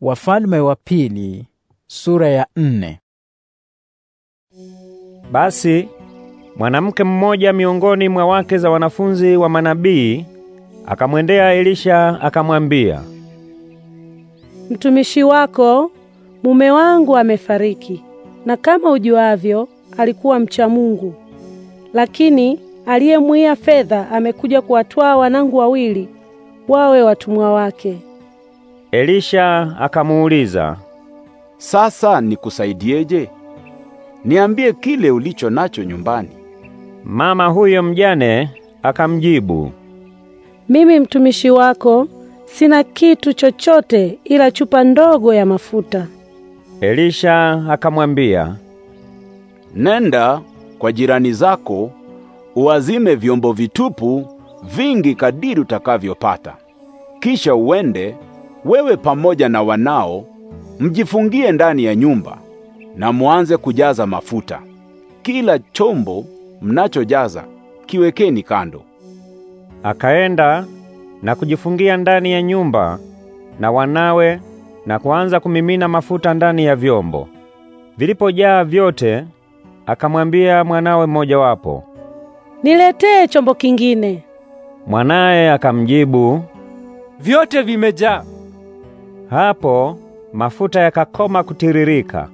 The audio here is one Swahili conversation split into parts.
Wafalme wa pili, sura ya nne. Basi mwanamke mmoja miongoni mwa wake za wanafunzi wa manabii akamwendea Elisha akamwambia, mtumishi wako mume wangu amefariki, na kama ujuavyo, alikuwa mcha Mungu, lakini aliyemwia fedha amekuja kuwatwaa wanangu wawili wawe watumwa wake. Elisha akamuuliza, sasa nikusaidieje? Niambie kile ulicho nacho nyumbani. Mama huyo mjane akamjibu, mimi mtumishi wako sina kitu chochote ila chupa ndogo ya mafuta. Elisha akamwambia, nenda kwa jirani zako uazime vyombo vitupu vingi kadiri utakavyopata, kisha uende wewe pamoja na wanao mjifungie ndani ya nyumba na mwanze kujaza mafuta. Kila chombo mnachojaza kiwekeni kando. Akaenda na kujifungia ndani ya nyumba na wanawe na kuanza kumimina mafuta ndani ya vyombo. Vilipojaa vyote, akamwambia mwanawe mmojawapo, niletee chombo kingine. Mwanaye akamjibu, vyote vimejaa. Hapo mafuta yakakoma kutiririka.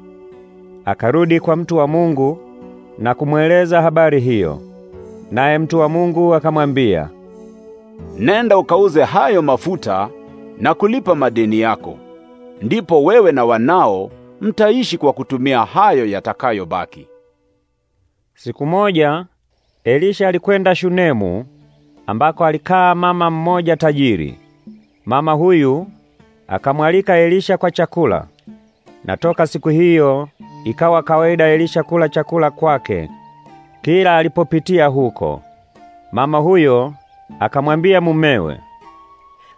Akarudi kwa mtu wa Mungu na kumweleza habari hiyo, naye mtu wa Mungu akamwambia, nenda ukauze hayo mafuta na kulipa madeni yako, ndipo wewe na wanao mtaishi kwa kutumia hayo yatakayobaki. Siku moja Elisha alikwenda Shunemu ambako alikaa mama mmoja tajiri. Mama huyu akamwalika Elisha kwa chakula. Na toka siku hiyo ikawa kawaida Elisha kula chakula kwake kila alipopitia huko. Mama huyo akamwambia mumewe,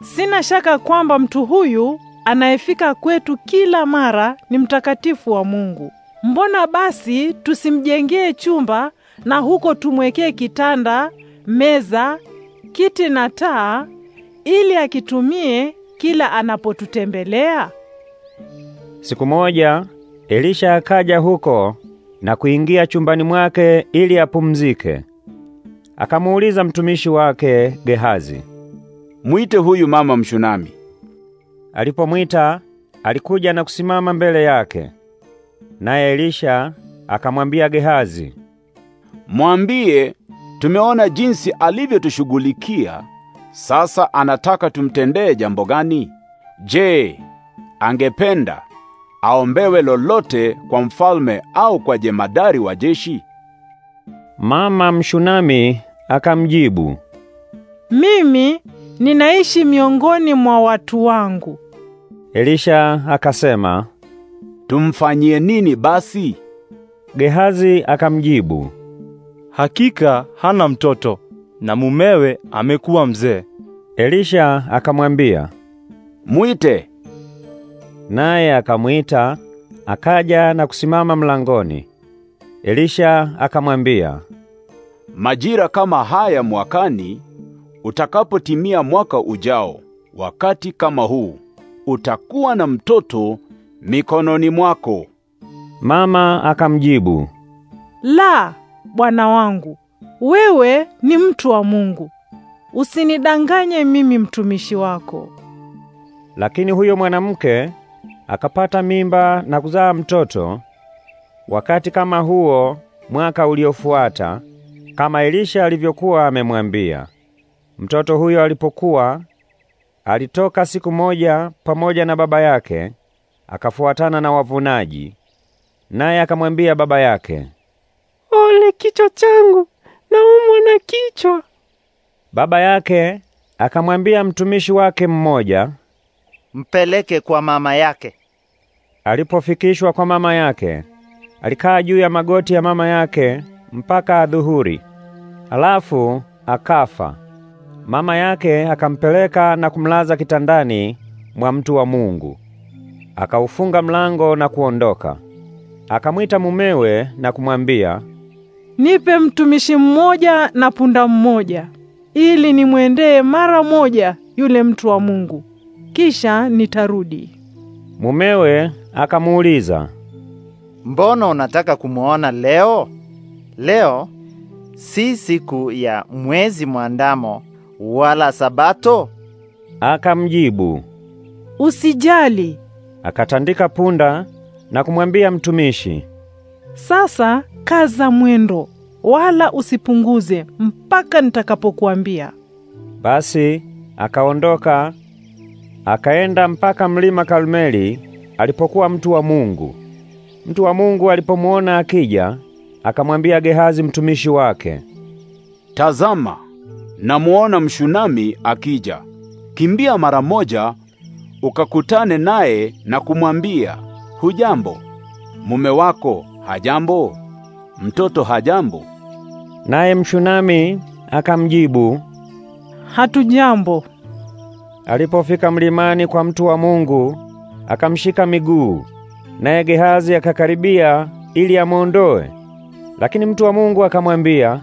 sina shaka kwamba mtu huyu anayefika kwetu kila mara ni mtakatifu wa Mungu. Mbona basi tusimjengee chumba na huko tumwekee kitanda, meza, kiti na taa ili akitumie kila anapotutembelea? Siku moja Elisha akaja huko na kuingia chumbani mwake ili apumzike. Akamuuliza mtumishi wake Gehazi, mwite huyu mama Mshunami. Alipomwita alikuja na kusimama mbele yake, naye Elisha akamwambia Gehazi, mwambie tumeona jinsi alivyotushughulikia sasa anataka tumtendee jambo gani? Je, angependa aombewe lolote kwa mfalme au kwa jemadari wa jeshi? Mama Mshunami akamjibu, mimi ninaishi miongoni mwa watu wangu. Elisha akasema, tumfanyie nini basi? Gehazi akamjibu, hakika hana mtoto na mumewe amekuwa mzee. Elisha akamwambia, "Mwite." Naye akamwita, akaja na kusimama mlangoni. Elisha akamwambia, "Majira kama haya mwakani, utakapotimia mwaka ujao, wakati kama huu, utakuwa na mtoto mikononi mwako." Mama akamjibu, "La, bwana wangu, wewe ni mtu wa Mungu, usinidanganye mimi mtumishi wako. Lakini huyo mwanamke akapata mimba na kuzaa mtoto wakati kama huo mwaka uliofuata, kama Elisha alivyokuwa amemwambia. Mtoto huyo alipokuwa, alitoka siku moja pamoja na baba yake akafuatana na wavunaji, naye akamwambia baba yake, ole kichwa changu naumwa na kichwa. Baba yake akamwambia mtumishi wake mmoja, mpeleke kwa mama yake. Alipofikishwa kwa mama yake, alikaa juu ya magoti ya mama yake mpaka adhuhuri, alafu akafa. Mama yake akampeleka na kumlaza kitandani mwa mtu wa Mungu, akaufunga mlango na kuondoka. Akamwita mumewe na kumwambia nipe mtumishi mmoja na punda mmoja, ili nimwendee mara moja yule mtu wa Mungu, kisha nitarudi. Mumewe akamuuliza, mbona unataka kumuona leo? Leo si siku ya mwezi mwandamo wala Sabato. Akamjibu, usijali. Akatandika punda na kumwambia mtumishi, sasa kaza mwendo, wala usipunguze mpaka nitakapokuambia. Basi akaondoka akaenda mpaka mlima Karmeli alipokuwa mtu wa Mungu. Mtu wa Mungu alipomuona akija, akamwambia Gehazi mtumishi wake, Tazama, namuona Mshunami akija. Kimbia mara moja ukakutane naye na kumwambia, hujambo mume wako hajambo? Mtoto hajambo? Naye Mshunami akamjibu, hatujambo. Alipofika mlimani kwa mtu wa Mungu, akamshika miguu, naye Gehazi akakaribia ili amuondoe, lakini mtu wa Mungu akamwambia,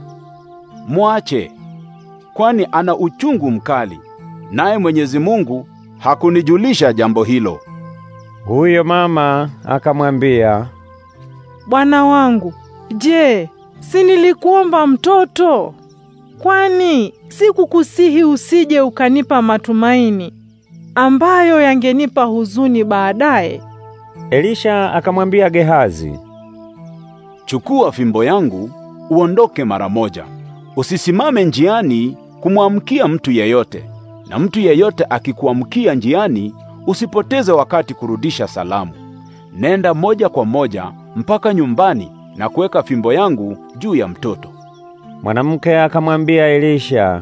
mwache, kwani ana uchungu mkali, naye Mwenyezi Mungu hakunijulisha jambo hilo. Huyo mama akamwambia, Bwana wangu, je, si nilikuomba mtoto? Kwani sikukusihi usije ukanipa matumaini ambayo yangenipa huzuni baadaye? Elisha akamwambia Gehazi, chukua fimbo yangu uondoke mara moja. Usisimame njiani kumwamkia mtu yeyote, na mtu yeyote akikuamkia njiani usipoteze wakati kurudisha salamu nenda moja kwa moja mpaka nyumbani na kuweka fimbo yangu juu ya mtoto. Mwanamke akamwambia Elisha,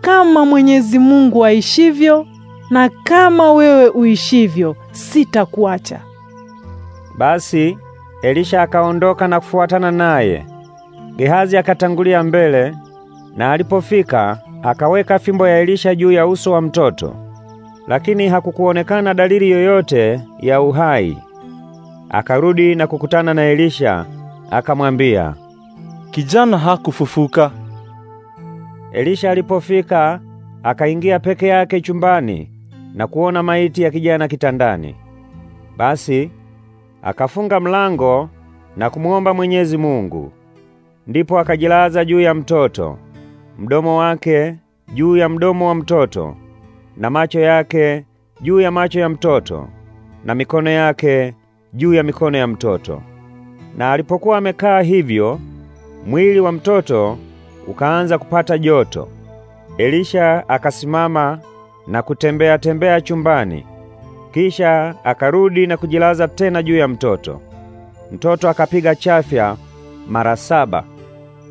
kama Mwenyezi Mungu aishivyo na kama wewe uishivyo, sitakuacha. Basi Elisha akaondoka na kufuatana naye. Gehazi akatangulia mbele, na alipofika akaweka fimbo ya Elisha juu ya uso wa mtoto, lakini hakukuonekana dalili yoyote ya uhai. Akarudi na kukutana na Elisha, akamwambia, kijana hakufufuka. Elisha alipofika, akaingia peke yake chumbani na kuona maiti ya kijana kitandani. Basi akafunga mlango na kumuomba Mwenyezi Mungu. Ndipo akajilaza juu ya mtoto, mdomo wake juu ya mdomo wa mtoto, na macho yake juu ya macho ya mtoto, na mikono yake juu ya mikono ya mtoto. Na alipokuwa amekaa hivyo, mwili wa mtoto ukaanza kupata joto. Elisha akasimama na kutembea tembea chumbani, kisha akarudi na kujilaza tena juu ya mtoto. Mtoto akapiga chafya mara saba,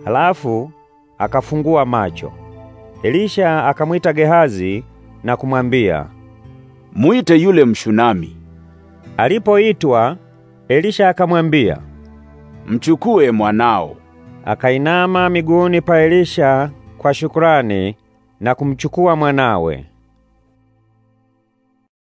halafu akafungua macho. Elisha akamwita Gehazi na kumwambia, muite yule Mshunami. Alipoitwa, Elisha akamwambia, mchukue mwanao. Akainama miguuni pa Elisha kwa shukrani na kumchukua mwanawe.